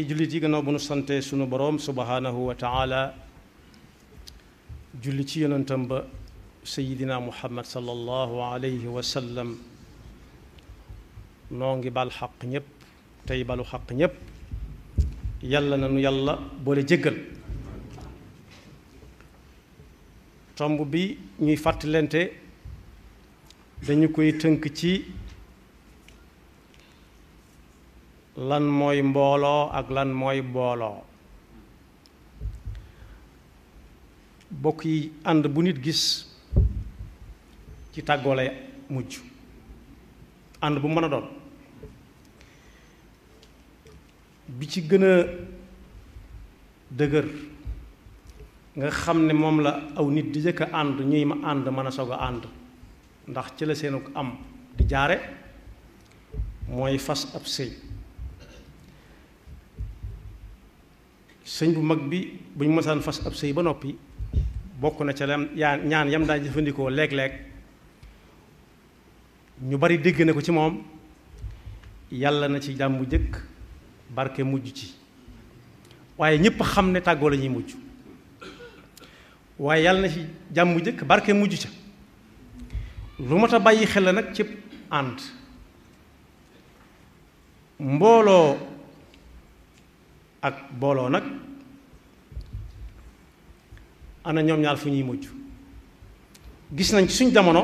ci jullit yi gannaaw bu nu sante sunu boroom subhaanahu wa taala julli ci yonentam ba sayidina muhammad sallallahu alayhi wa noo ngi bal xaq ñépp tey balu xaq ñépp yàlla na nu yàlla boole jéggal tomb bi ñuy fàttalente dañu koy tënk ci lan mooy mbooloo ak lan mooy booloo bokk yi ànd bu nit gis ci tàggoo lay mujj ànd bu mën a doon bi ci gën a dëgër nga xam ne moom la aw nit di jëkk ànd ñuy ma ànd mën a soog a ànd ndax ci la seenu am di jaare mooy fas ab sëy sëñ bu mag bi bu ñu mosaan fas ab sëy ba noppi bokk na ca lam yaa ñaan yam daan jëfandikoo leeg léeg ñu bari dégg na ko ci moom yàlla na ci jàmm jëkk barke mujj ci waaye ñëpp xam ne tàggoo la ñuy mujj waaye yàlla na ci jàmm jëkk barke mujj ca lu mat a bàyyi xel nag ci ànd mbooloo ak booloo nag ana ñoom ñaar fu ñuy mujj gis nañ ci suñ jamono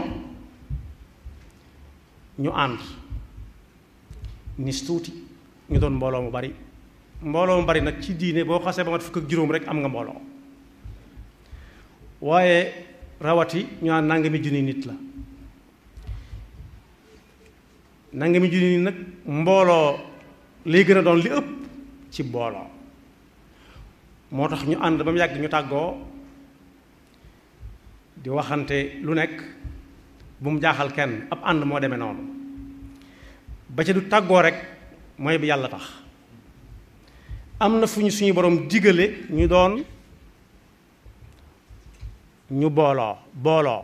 ñu ànd nis tuuti ñu doon mbooloo mu bari mbooloo mu bari nag ci diine boo xasee ba mat fukk ak juróom rek am nga mbooloo waaye rawati ñu naan nangami junni nit la nangami junni nit nag mbooloo lay gën a doon li ëpp ci mbooloo moo tax ñu ànd ba mu yàgg ñu tàggoo di waxante lu nekk bu mu jaaxal kenn ab ànd moo demee noonu ba ca du tàggoo rek mooy bi yàlla tax am na fu ñu suñu borom digale ñu doon ñu booloo booloo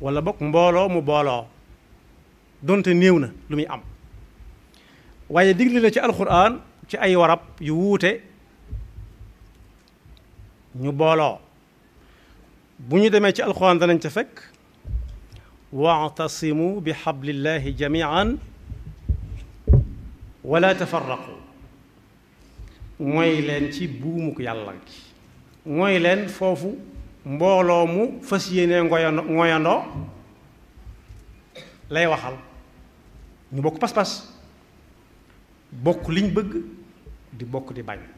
wala bokk mbooloo mu booloo doonte néew na lu muy am waaye digle na ci alxuraan ci ay warab yu wuute ñu booloo bu ñu demee ci alxuraan danañ ca fekk waatasimu bi xablillahi jamian wala tafarraqu mooy leen ci buumuk yàlla gi mooy leen foofu mbooloo mu fas yéene ngoyando ngoyandoo lay waxal ñu bokk pas-pas bokk liñ bëgg di bokk di bañ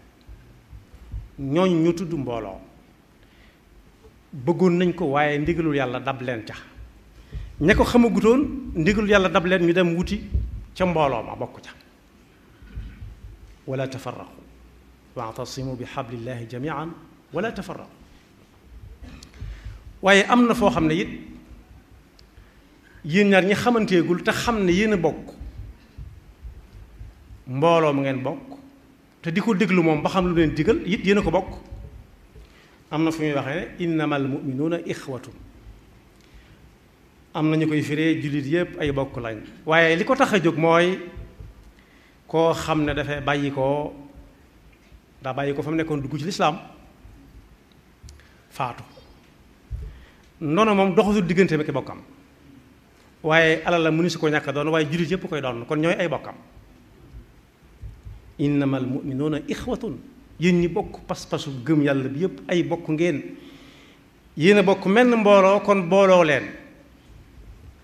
ñooñ ñu tudd mbooloo bëggoon nañ ko waaye ndigalul yàlla dab leen ca ña ko xamagutoon ndigalul yàlla dab leen ñu dem wuti ca mbooloo ma bokk ca wala tafarraqu waatasimu bi xablillahi jamian wala tafarraqu waaye am na foo xam ne it yéen ñaar ñi xamanteegul te xam ne yéen a bokk mbooloo mu ngeen bokk te diko déglu mom ba xam lu len digal yit yena ko bok amna fu ñuy waxe innamal mu'minuna ixwatun amna na ñu koy firee jullit yépp ay bok lañ waye liko taxé jóg moy ko xamne dafa bayiko da bayiko fam nekkon duggu ci l'islam faatu nono mom doxul digënté mi bokam waye alal la mu ci ko ñaka doon waye julit yépp koy doon kon ñoy ay bokam innamal muminuuna ixwatun yéen ñi bokk pas-pasu gëm yàlla bi yépp ay bokk ngeen yéen a bokk menn mbooloo kon booloo leen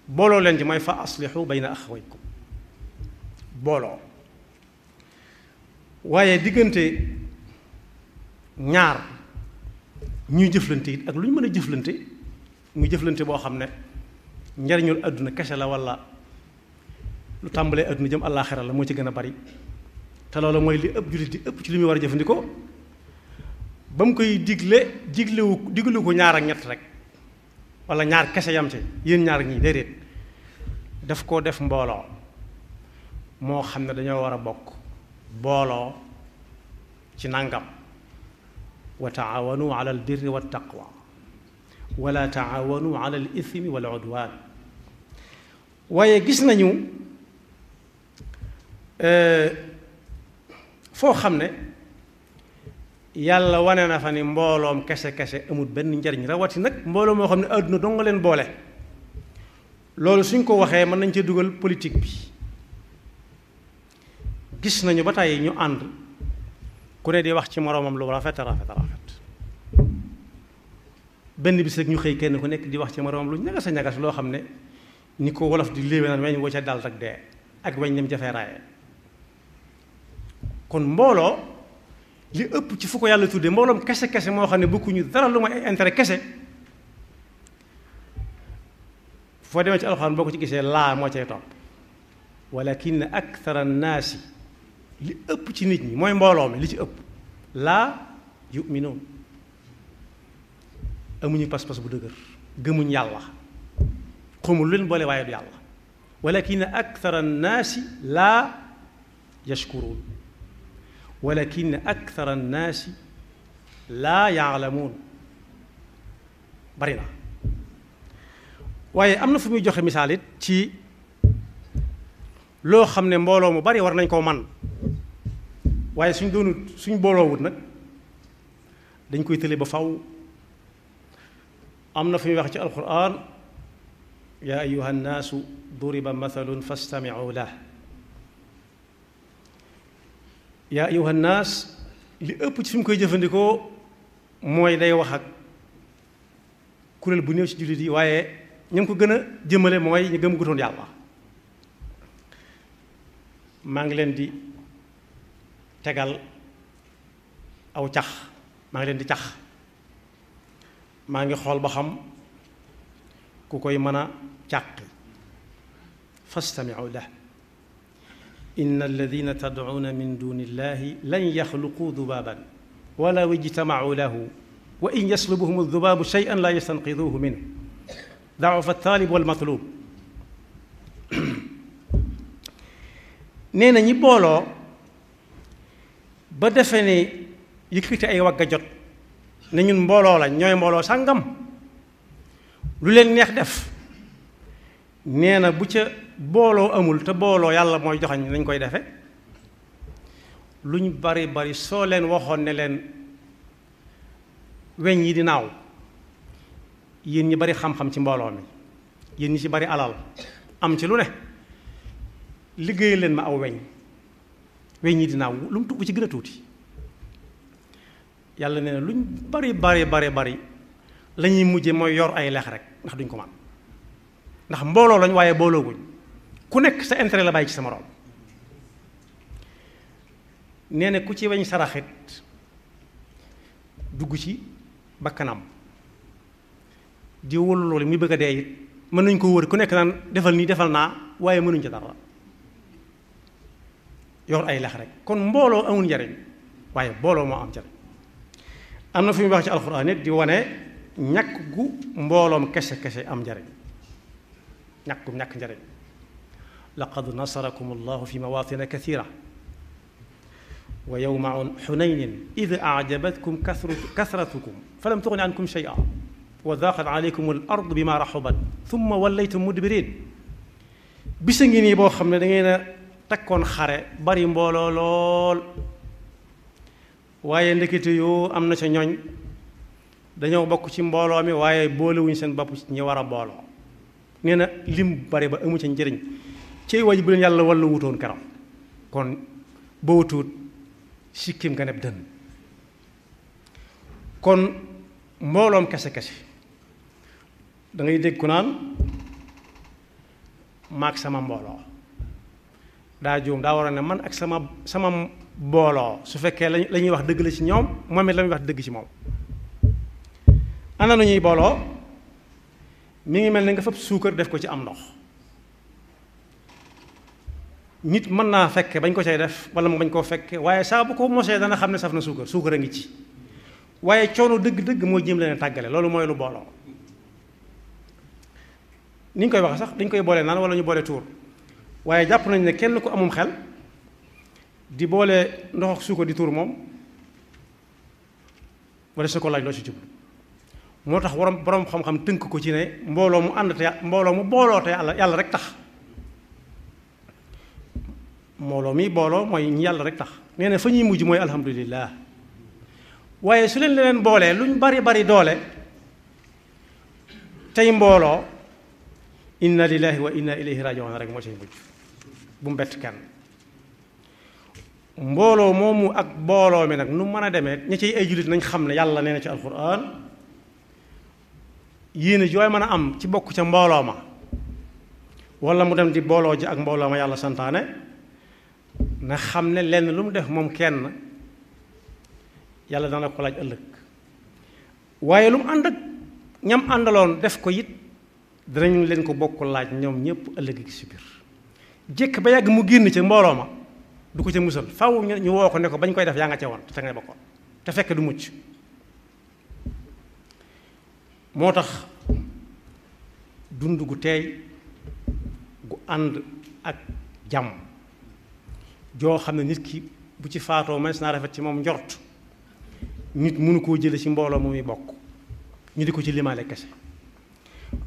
booloo leen ci mooy fa aslixu bayna axawaykum booloo waaye diggante ñaar ñuy jëflante it ak lu ñu mën a jëflante muy jëflante boo xam ne njariñul àdduna kese la walla lu tàmbalee àdduna jëm àllaaxira la moo ci gën a bari te loolu mooy li ëpp jullit di ëpp ci li muy war a jëfandikoo ba mu koy digle diglewu diglewu ko ñaar ak ñett rek walla ñaar kese yam ci yéen ñaar ñii déedéet daf koo def mbooloo moo xam ne dañoo war a bokk booloo ci nangam wa taawanu ala al birri wa taqwa wala taawanu wal udwan waaye gis nañu euh, foo xam ne yàlla wane na fa ni mbooloom kese kese amut benn njariñ rawati nag mbooloo moo xam ne àdduna dong nga leen boole loolu suñ ko waxee mën nañ cee dugal politique bi gis nañu ba tàyyi ñu ànd ku ne di wax ci moroomam lu rafet rafet rafet benn bis rek ñu xëy kenn ku nekk di wax ci moroomam lu ñagas a ñagas loo xam ne ñu ko wolof di léewee naan weñ woo ca dal rek dee ak weñ dem jafee raaye kon mbolo li ëpp ci fuko yàlla tudde mbooloom kessé kese moo xam ne ñu dara lu mooy ay intérêt kessé fo demee ci alcorane boko ci gissé la mo cey top walakin akthara an-nas li ëpp ci nit ñi moy mbolom li ci ëpp laa yuminuun amunu pass pass bu dëgër gëmuñ yàlla xamul lu leen boole waaye yàlla walakin akthara an-nas la yashkurun ولكن أكثر الناس لا يعلمون bari na waaye am na fu muy joxe misaal it ci loo xam ne mbooloo mu bari war nañ ko man waaye suñ doonut suñ booloowut nag dañ koy tële ba faw am na fu muy wax ci alquran ya ayuha nnaasu duriba mathalun fastamiu lah yaa ayuha naas li ëpp ci fi koy jëfandikoo mooy day wax ak kuréel bu néew ci jullit yi waaye ñam ko gën a jëmale mooy ñu gëm gutoon yàlla maa ngi leen di tegal aw cax maa ngi leen di cax maa ngi xool ba xam ku koy mën a càqi fastamiu la إن الذين تدعون من دون الله لن يخلقوا ذبابا ولا اجتمعوا له وإن يسلبهم الذباب شيئا لا يستنقذوه منه ضعف الطالب والمطلوب نينا na ñi booloo ba defe ne yëkkati ay wagga jot ne ñun mbooloo lañ ñooy mbooloo sàngam lu leen neex booloo amul te booloo yàlla mooy joxañ nañ koy defe lu bari bari soo leen waxoon ne leen weñ yi di naaw yéen ñi bari xam-xam ci mbooloo mi yéen ñi ci bari alal am ci lu ne liggéey leen ma aw weñ weñ yi di naaw lu mu tukk ci gën a tuuti yàlla nee na lu bari bari bari bari la ñuy mujje mooy yor ay lex rek ndax duñ ko man ndax mbooloo lañ waaye boolooguñ ku nekk sa intere la bàyyi ci sama moroom nee na ku ci weñ saraxit dugg ci bakkanam di wóolu loolu muy bëgg a dee it mën nañ ko wër ku nekk naan defal nii defal naa waaye mënuñ ca dara yor ay lax rek kon mbooloo amul njariñ waaye mbooloo moo am njariñ am na fu ñu wax ci alxuraan it di wane ñàkk gu mbooloom kese kese am njariñ ñàkk gu ñàkk njariñ لقد نصركم الله في مواطن كثيرة ويوم حنين إذ أعجبتكم كثرة كثرتكم فلم تغن عنكم شيئا وذاقت عليكم الأرض بما رحبت ثم وليتم مدبرين بسنجيني بوخم لدينا تكون خاري باري مبولو لول waaye ndekete yo am na ca ñooñ dañoo bokk ci mbooloo mi waaye boolewuñ seen bopp ci ñi war a booloo nee na lim bari ba amu ca njëriñ ci waaj bu leen yàlla walla wutoon kanam kon boo tuut sikkim nga neb dënn kon mbooloom kese kese da ngay dégg ku naan maag sama mbooloo daa juum daa war a ne man ak sama sama mbooloo su fekkee la ñuy wax dëgg la ci ñoom moom it la wax dëgg ci moom ana nu ñuy booloo mi ngi mel ni nga fab suukar def ko ci am ndox nit mën naa fekke bañ ko cay def wala mu bañ koo fekke waaye saa bu ko mosee dana xam ne saf na suukar suukar a ngi ci waaye coono dëgg-dëgg moo jéem leen a tàggale loolu mooy lu booloo ni ñu koy waxe sax dañ koy boole naan wala ñu boole tuur waaye jàpp nañ ne kenn ku amum xel di boole ndox ak suukar di tuur moom wala su ko laaj loo ci jublu moo tax waroom boroom xam-xam tënk ko ci ne mbooloo mu ànd te mbooloo mu booloo te yàlla yàlla rek tax mbooloo mii booloo mooy ñu yàlla rek tax nee na fa ñuy mujj mooy alhamdulilah waaye su leen leen boolee lu ñu bari bari doole tey mbooloo inna lillahi wa inna ilayhi rajiun rek moo cay mujj bu mbett kenn mbooloo moomu ak mbooloo mi nag nu mën a demee ña ciy ay jullit nañ xam ne yàlla nee na ci alquran yéene jooy mën a am ci bokk ca mbooloo ma wala mu dem di booloo ji ak mbooloo ma yàlla santaane na xam ne lenn lu mu def moom kenn yàlla dana ko laaj ëllëg waaye lu mu ànd ak ñam àndaloon def ko it danañ leen ko bokk laaj ñoom ñëpp ëllëg ci biir jëkk ba yàgg mu génn ca mbooloo ma du ko ca musal faw ñu woo ko ne ko bañ koy def yaa nga ca woon te ngay bokkoon te fekk du mucc moo tax dund gu teey gu ànd ak jàmm joo xam ne nit ki bu ci faatoo mënees naa rafet ci moom njort nit mënu koo jële ci mbooloo mu muy bokk ñu di ko ci limale kese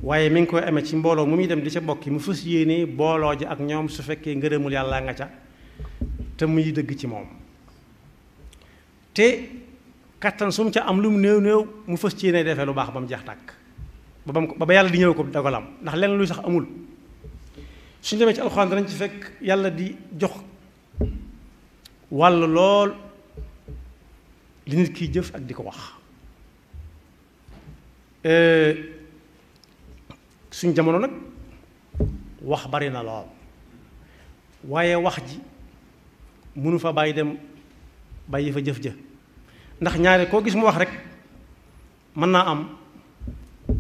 waaye mi ngi koy amee ci mbooloo mu muy dem di ca bokk mu fas yéene booloo ji ak ñoom su fekkee ngërëmul yàlla nga ca te muy dëgg ci moom te kattan su ca am lu mu néew néew mu fas yéene defee lu baax ba mu jeex tàkk ba ba ba ba yàlla di ñëw ko dogalam ndax lenn luy sax amul su demee ci alxuraan danañ ci fekk yàlla di jox wàll lool li nit kiy jëf ak di ko wax suñ jamono nag wax bari na lool waaye wax ji mënu fa bàyyi dem bàyyi fa jëf ja ndax ñaare koo gis mu wax rek mën naa am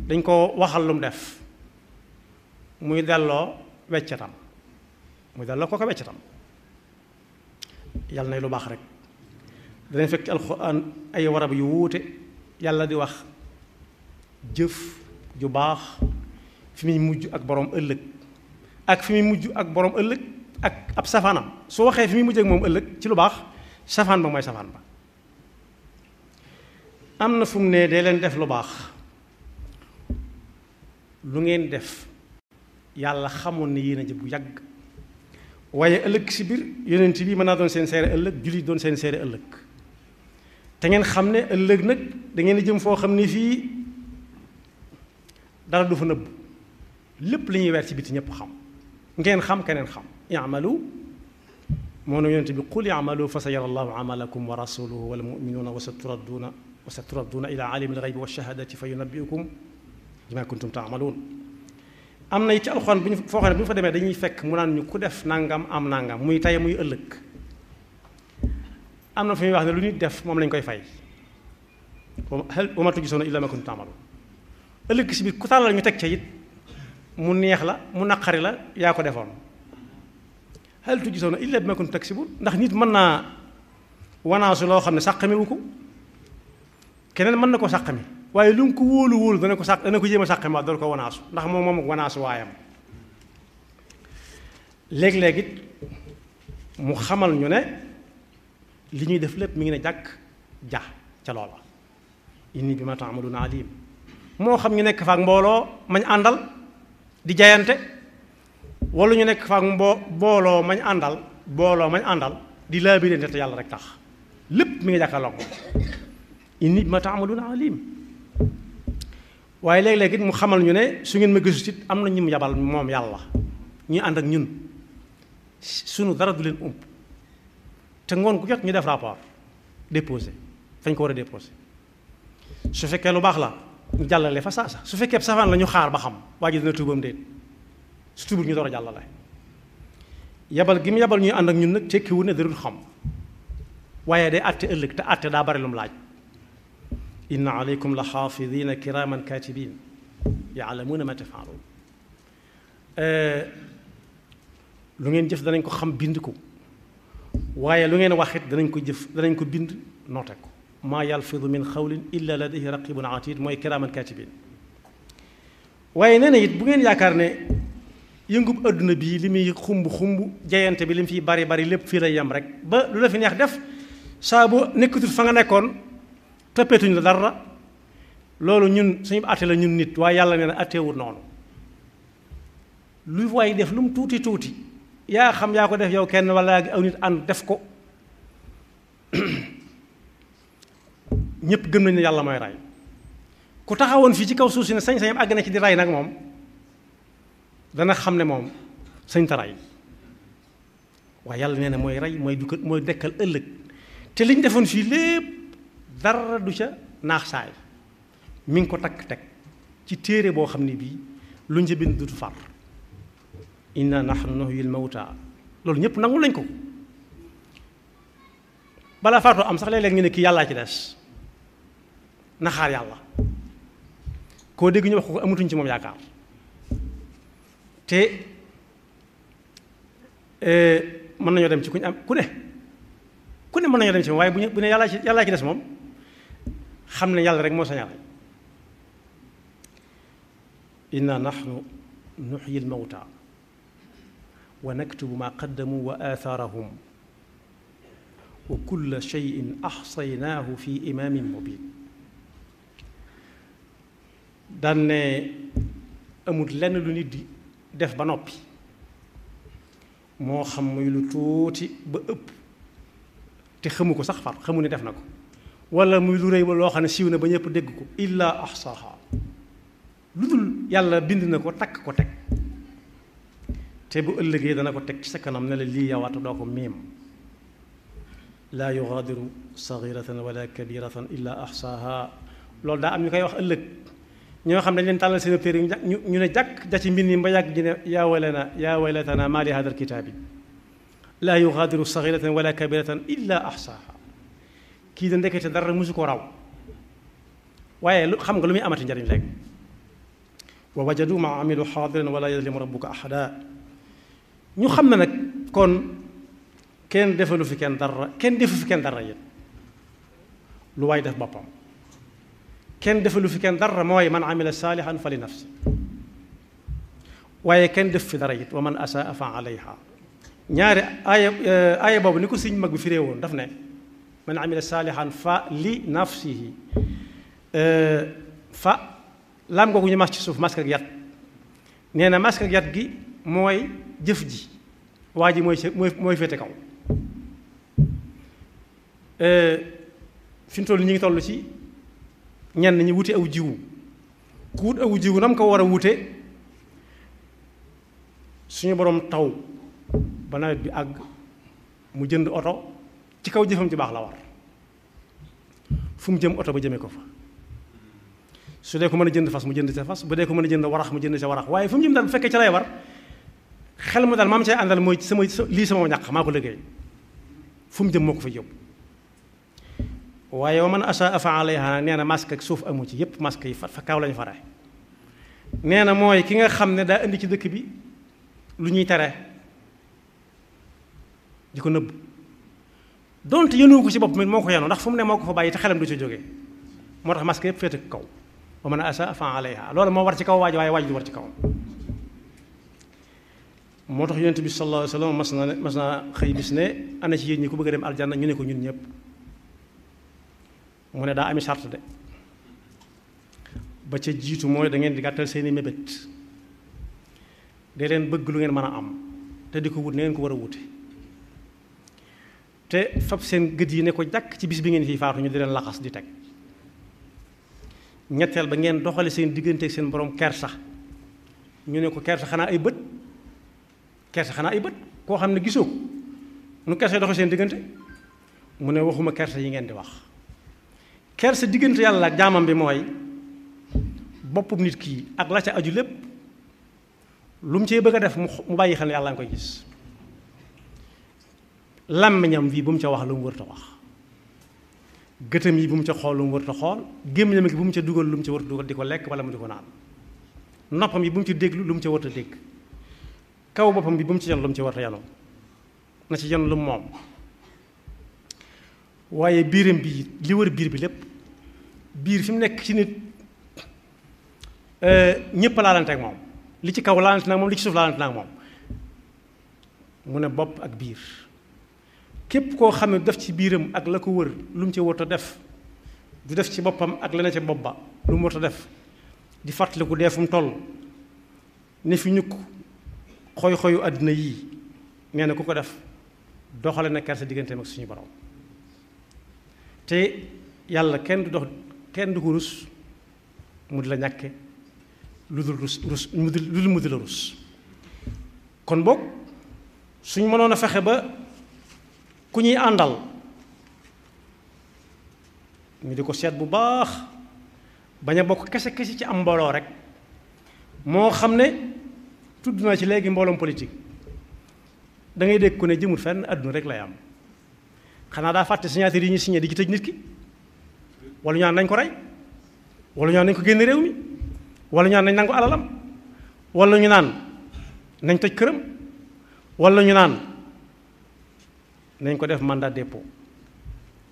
dañ ko waxal lu mu def muy delloo weccatam muy delloo ko ko weccatam yàlla nay lu baax rek danañ fekk alxuraan ay warab yu wuute yàlla di wax jëf ju baax fi muy mujj ak borom ëllëg ak fi muy mujj ak borom ëllëg ak ab safaanam su waxee fi muy mujj ak moom ëllëg ci lu baax safaan ba mooy safaan ba am na fu mu ne dee leen def lu baax lu ngeen def yàlla xamoon ne yéen a jëf bu yàgg waaye ëllëg si biir yonent bi mën naa doon seen seere ëllëg julli doon seen seere ëllëg te ngeen xam ne ëllëg nag da ngeen jëm foo xam ne fii dara du fa nëbb lépp li ñuy weer ci biti ñëpp xam ngeen xam keneen xam yamalu moo ne yonent bi qul yamalu fa sayara allahu amalakum wa rasuluhu wal mu'minuna wa saturadduna wa saturadduna ila alimi alghaybi wa shahadati fa yunabbiukum bima kuntum ta'malun amna ci alxuraan bu fo xone xam fa démé dañuy fekk mu nan ñu ku def nangam am nangam muy tay muy ëlëk amna na fi wax ne lu nit def mom lañ koy fay hal ma tujzawna illa ma kuntum ta'malu ëlëk ci bi ku tàllal ñu tek ci yit mu neex la mu naqari la ya ko defoon hal tujzawna illa ma kuntum taksibu ndax nit mën na wanaasu loo xam ne sàqamiwu ko keneen mën na koo sàqami waaye lu mu ko wóolu wóolu dana ko sàq dana ko jéem a sàqe ma dana ko wanaasu ndax moom moom ak wanaasu waayam léeg-léeg it mu xamal ñu ne li ñuy def lépp mu ngi ne jàkk ja ca loola inni bi ma taamaluna alim moo xam ñu nekk faak mbooloo mañ àndal di jayante wala ñu nekk faak mbo mbooloo mañ àndal mbooloo mañ àndal di laabirante te yàlla rek tax lépp mi ngi jàkkaarloo waaye léeg-léeg mu xamal ñu ne su ngeen ma gisut it am na ñu mu yabal moom yàlla ñu ànd ak ñun sunu dara du leen ump te ngoon ku jot ñu def rapport déposé fañ ko war a déposé su fekkee lu baax la ñu jàllale fa saasa su fekkee safaan la ñu xaar ba xam waa ji dina tuubam déet su tuubul ñu door a jàllale yabal gi mu yabal ñuy ànd ak ñun nag tekkiwu ne darul xam waaye day àtte ëllëg te àtte daa bari lu mu laaj إن عليكم لحافظين كراما كاتبين يعلمون ما تفعلون lu ngeen jëf danañ ko xam bind ko waaye lu ngeen wax it danañ ko jëf danañ ko bind noote ko maa yalfidu min xawlin illa ladayhi raqibun atid mooy kiraaman kaatibin waaye nee na it bu ngeen yaakaar ne yëngub adduna bii li muy xumb xumb jayante bi li mu fiy bari bari lépp fii lay yem rek ba lu la fi neex def saa boo nekkatul fa nga nekkoon tapetuñ la dara loolu ñun suñu até la ñun nit waaye yàlla nee na atteewul noonu luy waay def lu mu tuuti tuuti yaa xam yaa ko def yow kenn wala aw nit ànd def ko ñëpp gëm nañ ne yàlla mooy ray ku taxawoon fii ci kaw suuf si ne sañ-sañam àgg na ci di ray nag moom dana xam ne moom sañ ta ray waaye yàlla nee na mooy ray mooy du mooy dekkal ëllëg te liñ defoon fii lépp dara du ca naax saay mi ngi ko takk teg ci téere boo xam ne bii lu njëbind du far inna nahnu nuhyil mawta loolu ñëpp nangu lañ ko balaa faatoo am sax léeg-léeg ñu ne kii yàllaa ci des na xaar yàlla koo dégg ñu wax ko amatuñ ci moom yaakaar te e, mën nañoo dem ci kuñ am ku ne ku ne mën nañoo dem ci moom waaye bu ñu bu ne yàllaa ci yàllaa ci des moom xam ne yàlla rek moo sañal inna nahnu nuxyi almawta wa naktubu ma qaddamu wa aatharahum wa kulla cheyin axsaynaahu fi imaamin mubin daan ne amut lenn lu nit di def ba noppi moo xam muy lu tuuti ba ëpp te xamu ko sax far xamu ne def na ko wala muy lu rëy loo xam ne siiw na ba ñëpp dégg ko illa ahsaha lu dul yàlla bind na ko takk ko teg te bu ëllëgee dana ko teg ci sa kanam ne la lii yawaata doo ko miim laa yugaadiru sagiratan wala kabiratan illa ahsaha loolu daa am ñu koy wax ëllëg ñoo xam dañ leen tàllal seen téere ñu ne jàkk da ci mbind yi ba yàgg ñu ne yaa waylana yaa walatana maa li haadal kitaabi laa yugaadiru sagiratan wala kabiratan illa ahsaha kii da ndekete dara musu ko raw waaye lu xam nga lu muy amati njariñ léegi wa wajadu ma amilu xaadiran wala yadlimu rabbuka ahada ñu xam ne nag kon kenn defalu fi kenn dara kenn defu fi kenn dara yéen lu waay def boppam kenn defalu fi kenn dara mooy man amila saalihan fa li nafsi waaye kenn def fi dara it wa man asaa fa alayha ñaari aaya aaya boobu ni ko siñ mag bi firee woon daf ne man amila saalihan fa li nafsihi fa laam googu ñu mas ci suuf mask ak yat nee na mask ak yat gi mooy jëf ji waa ji mooy mooy féete kaw fi mu toll ñu ngi tollu ci ñenn ñi wute aw jiwu ku wut aw jiwu nam ko war a wute suñu boroom taw ba nawet bi àgg mu jënd oto ci kaw jëfëm ci baax la war fu mu jëm oto ba jëmee ko fa su dee ko mën a jënd fas mu jënd sa fas bu dee ko mën a jënd warax mu jënd sa warax waaye fu mu jëm daal bu fekkee ci lay war xel mu daal maam cay àndal mooy sama lii sama ñàq maa ko liggéey fu mu jëm moo ko fa yóbbu waaye wa man asa afa alayha nee na masque ak suuf amu ci yépp masque yi fa kaw lañu faray nee na mooy ki nga xam ne daa indi ci dëkk bi lu ñuy tere di ko nëbb donte yënuwu ko ci bopp mi moo ko yenu ndax fu mu ne moo ko fa bàyyi te xelam du ci jógee moo tax masque yëpp féete kaw ba mën a asa fan alayha loolu moo war ci kaw waaj waaye waaj du war ci kaw moo tax yonent bi sallallahu alayhi wasallam mas na mas na xëy bis ne ana ci yéen ñi ku bëgg a dem aljanna ñu ne ko ñun ñëpp mu ne daa ami sart de ba ca jiitu mooy da ngeen di gàttal seeni mébét de leen bëgg lu ngeen mën a am te di ko wut ne ngeen ko war a wuti te fab seen gët yi ne ko jàkk ci bis bi ngeen fiy faatu ñu di leen laxas di teg ñetteel ba ngeen doxalee seen diggante ak seen borom kersa ñu ne ko kersa xanaa ay bët kersa xanaa ay bët koo xam ne gisoo ko nu kersa doxee seen diggante mu ne waxuma kersa yi ngeen di wax kersa diggante yàlla ak jaamam bi mooy boppum nit kii ak la ca aju lépp lu mu cee bëgg a def mu bàyyi ne yàlla nga koy gis làmmiñam bii bu mu ca wax lu mu wërta wax gëtëm yi bu mu ca xool lu mu wërta xool gémmiñam gi bu mu ca dugal lu mu ca wërta dugal di ko lekk wala mu di ko naan noppam yi bu mu ci déglu lu mu ca wërta dégg kaw boppam bi bu mu ci yan lu mu ci wërta yanoo na ci yan lu moom waaye biiram bi li wër biir bi lépp biir fi mu nekk ci nit euh, ñëpp laalante ak moom li ci kaw laalante nag moom li ci suuf laalante moom mu ne bopp ak biir képp koo xam ne def ci biiram ak la ko wër lu mu ci warta def du def ci boppam ak la ne ca bopp ba lu mu warta def di fàttaliku dee fu mu toll ne fi ñukk xoy-xoyu àddina yii nee na ku ko def doxale na kersa digganteem ak suñu borom te yàlla kenn du dox kenn du ko rus mu di la ñàkke lu dul rus rus mu di lu dul mu di la rus kon boog suñ mënoon a fexe ba ku ñuy àndal ñu di ko seet bu baax bañ a bokk kese kese ci am mbooloo rek moo xam ne tudd ci léegi mbooloom politique da ngay dégg ku ne jëmul fenn àdduna rek lay am xanaa daa fàtte signature yi ñu signé di ci tëj nit ki wala ñaan nañ ko rey wala ñaan nañ ko réew mi wala ñaan nañ nangu alalam wala ñu naan nañ toj këram wala ñu naan nañ ko def mandat dépôt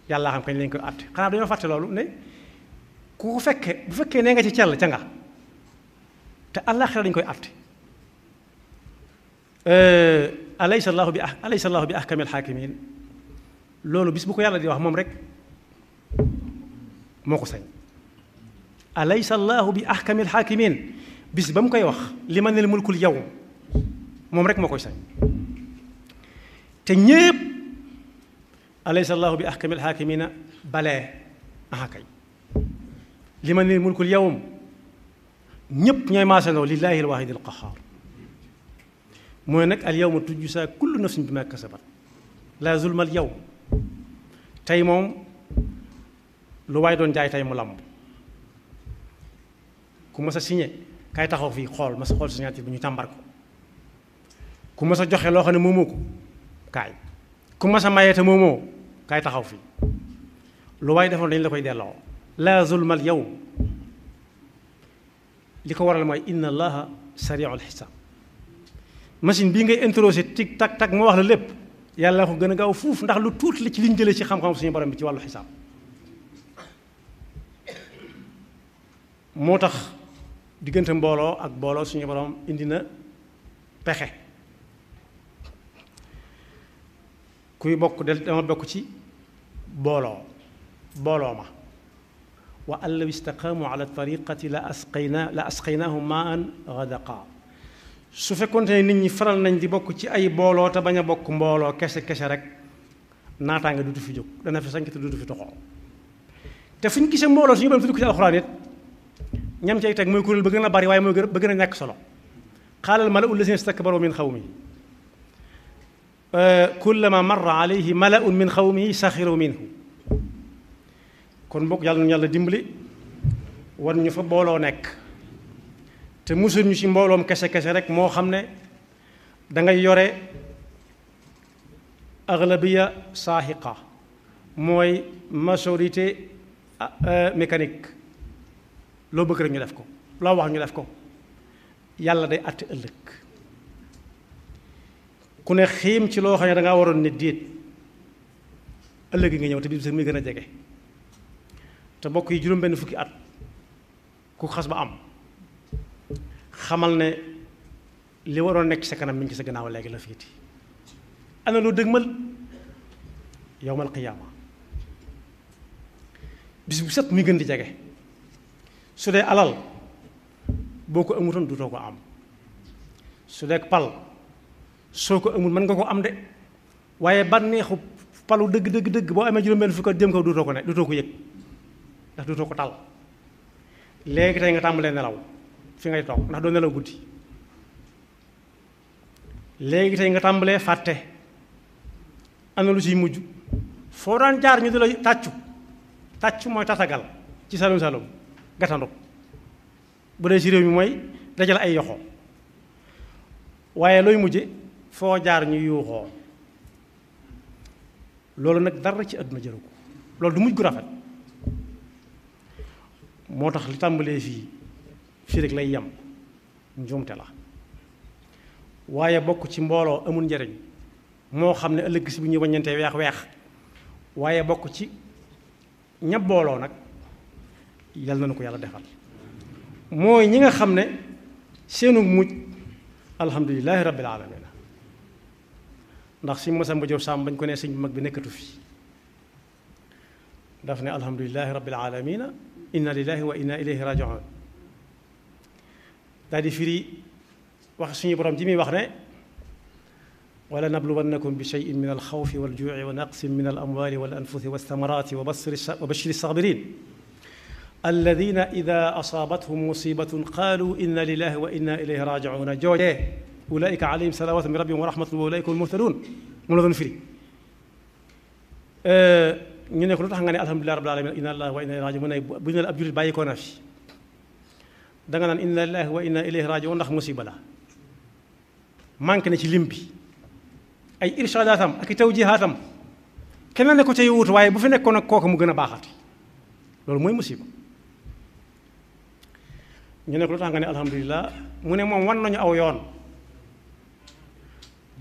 yàlla xam kañ lañ ko àtte xanaa dañoo fàtte loolu ne ku ko fekkee bu fekkee ne nga ci cell ca nga te àllaaxira dañ koy àtte alaysa allahu bi ah alaysa allahu bi ahkamil hakimin loolu bis bu ko yàlla di wax moom rek moo ko sañ alaysa allahu bi ahkamil hakimin bis ba mu koy wax li ma nel mulkul yow moom rek moo koy sañ te ñépp أليس الله بأحكم الحاكمين بلا أحكي لمن الملك اليوم نيب ناي ما لله الواحد القهار موي اليوم تجوسا كل نفس بما كسبت لا ظلم اليوم تاي موم لو واي دون جاي تاي مو لامب كو مسا سيني كاي تاخو في خول مسا خول سيناتي بنيو تامباركو كو مسا جوخي لو خاني مومو كاي كو مسا مايتا مومو kaay taxaw fi lu waay defoon dañ la koy delloo laa zulmal yow li ko waral mooy inna allaha sariul xisaab machine bii ngay introsé tic tac tac moo wax la lépp yàlla ko gën a gaaw fuuf ndax lu tuuti la ci liñ jëlee ci xam-xam suñu borom bi ci wàllu xisaab moo tax diggante mbooloo ak mbooloo suñu borom indi na pexe kuy bokk del dama bokk ci booloo booloo ma wa an law istaqaamu ala tariqati la asqayna la asqaynaahum maan gadaqa su fekkonte ne nit ñi faral nañ di bokk ci ay booloo te bañ a bokk mbooloo kese kese rek naataanga dutu fi jóg dana fi sankite dutu fi toxoo te fu gisee mbooloo suñu borom tudd ko ci alxuraan it ñam cay teg mooy kuréel ba gën a bari waaye mooy ba a ñàkk solo xaalal mala ullasina istakbaru min xawmi kullama marra alayhi malaun min xawmihi saxiru minhu kon mbokk yàlla nu yàlla dimbali wan ñu fa booloo nekk te musul ñu ci mbooloom kese kese rek moo xam ne da ngay yore aglabiya saaxiqa mooy majorité mécanique loo bëgg rek ñu def ko loo wax ñu def ko yàlla day àtte ëllëg ku ne xiim ci loo xam ne da ngaa waroon ne déet ëllëg nga ñëw te bis mi gën a jege te mbokk yi juróom benn fukki at ku xas ba am xamal ne li waroon nekk ci sa kanam mi ngi ci sa gannaaw léegi la fiiti ana loo dëgmal yowmal qiyaama bis bu set muy gën di jege su dee alal boo ko amutoon duutoo ko am su dee pal soo ko amul mën nga ko am de waaye bànneexu palu dëgg dëgg dëgg boo amee juróom-benn fukk ak jëm kaw dootoo ko ne dootoo ko yëg ndax dootoo ko tal léegi tey nga tàmbalee nelaw fi ngay toog ndax doo nelaw guddi léegi tey nga tàmbalee fàtte am na lu ciy mujj foo daan jaar ñu di tàccu tàccu mooy tatagal ci salum salum gatandu bu dee si réew mi mooy dajal ay yoxo waaye looy mujje foo jaar ñu yuuxoo loolu nag dara ci àdduna jëru ko loolu du mujj gu rafet moo tax li tàmbalee fii fii rek lay yem njuumte la waaye bokk ci mbooloo amul njariñ moo xam ne ëllëg si bu ñuy waññante weex weex waaye bokk ci ña booloo nag yal na ko yàlla defal mooy ñi nga xam ne seenu mujj alhamdulilahi rabbil alamin ndax si Masamba Jaw sam bañ ko ne sëñ mag bi nekatu fi daf ne alhamdulilahi rabbil alamin inna lillahi wa inna ilayhi rajiun dadi firi wax suñu borom ji muy wax ne wala nabluwannakum bi shay'in min al-khawf wal-ju'i wa naqsin min al-amwali wal alamwali was walthamarati wa as sabirin alladina ida asaabathum musibatun qalu inna lillahi wa inna ilayhi raji'un joojee اولئك عليهم صلوات من ربهم ورحمه واولئك هم المهتدون من لدن فري ني نيكو لوتاخ غاني الحمد لله رب العالمين ان الله وانا اليه راجعون بن الاب جوري بايكو ناف داغا نان ان الله وانا اليه راجعون ناخ مصيبه لا مانك ني سي ليمبي اي ارشاداتهم اك توجيهاتهم كنا نكو تي ووت واي بو في نيكون كوكو مو غنا باخات لول موي مصيبه ني نيكو لوتاخ غاني الحمد لله مو ني موم وان نانيو او يون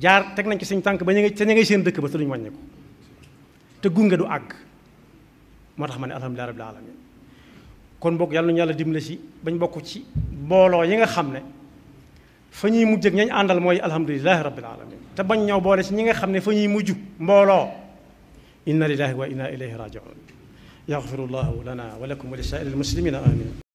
jaar teg nañ ci suñ tànk ba ñu ngi sa ña ngay seen dëkk ba te duñu wàññi ko te gunge du àgg moo tax ma ne alhamdulilah rabbil alamin kon bokk yàlla nañu yàlla dimbale si bañ bokk ci mbooloo yi nga xam ne fa ñuy mujj ak ñañ àndal mooy alhamdulilah rabbil alamin te bañ ñëw boole si ñi nga xam ne fa ñuy mujj mbooloo inna lillahi wa inna ilayhi rajiun yaxfirullahu lana wa lakum wa li saa'iril muslimina amin